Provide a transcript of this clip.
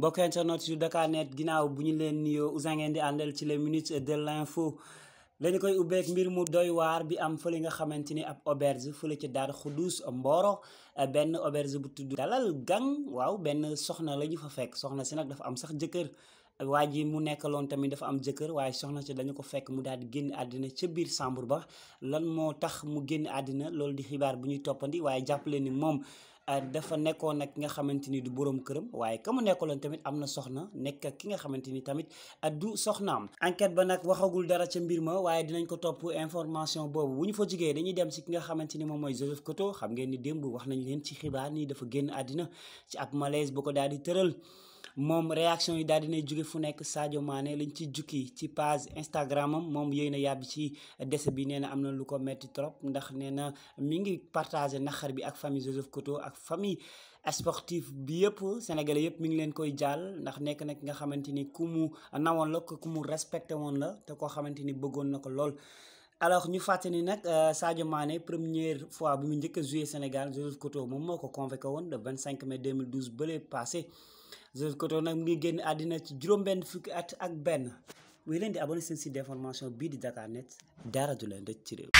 mbokk internet yu neet ginnaaw bu ñu leen nuyoo Ouzin ngeen di àndal ci les minutes de l'info lañu koy ubbeek mbir mu doy waar bi am fële nga xamante ni ab auberge fële ci Daaru Xuduus Mboro benn auberge bu tudd Dalal Gang waaw benn soxna la ñu fa fekk soxna si nag dafa am sax jëkkër waa ji mu nekkaloon tamit dafa am jëkkër waaye soxna si dañu ko fekk mu daal di génn àddina ca biir chambre ba lan moo tax mu génn àddina loolu di xibaar bu ñuy toppandi waaye jàppale ni moom Euh, dafa nekkoon nag ki nga xamante ni du boroom këram waaye ka mu nekkaloon tamit am na soxna nekk ak ki nga xamante ni tamit euh, du soxnaam enquête ba nag waxagul dara ca mbir ma waaye dinañ ko topp information boobu bu ñu fa jigee dañuy dem si ki nga xamante ni moom mooy Joseph Koto xam ngeen ni démb wax nañ leen ci xibaar ni dafa génn àddina ci ab malaise bu ko daal di tëral moom réaction yi daal dinay jóge fu nekk Sadio Mané lañ ci jukki ci page Instagram moom yooyu na yàbbi ci décès bi nee na am na lu ko metti trop ndax nee na mi ngi partagé naqar bi ak famille Joseph Koto ak famille sportif bi yëpp sénégalais yëpp mu ngi leen koy jàll ndax nekk nag nga xamante ni ku mu nawoon la ku mu respecté woon la te koo xamante ni bëggoon na ko lool alors ñu fàttali ni nag euh, Sadio Mané première fois bu mu njëkk a Sénégal Joseph Koto moom moo ko convoqué woon le 25 mai 2012 bële passé Joseph Koto nag mu ngi génn àddina ci juróom-benn fukki at ak benn wuy leen di abonné seen site d'information bii di Dakar Net dara du leen rëcc ci réew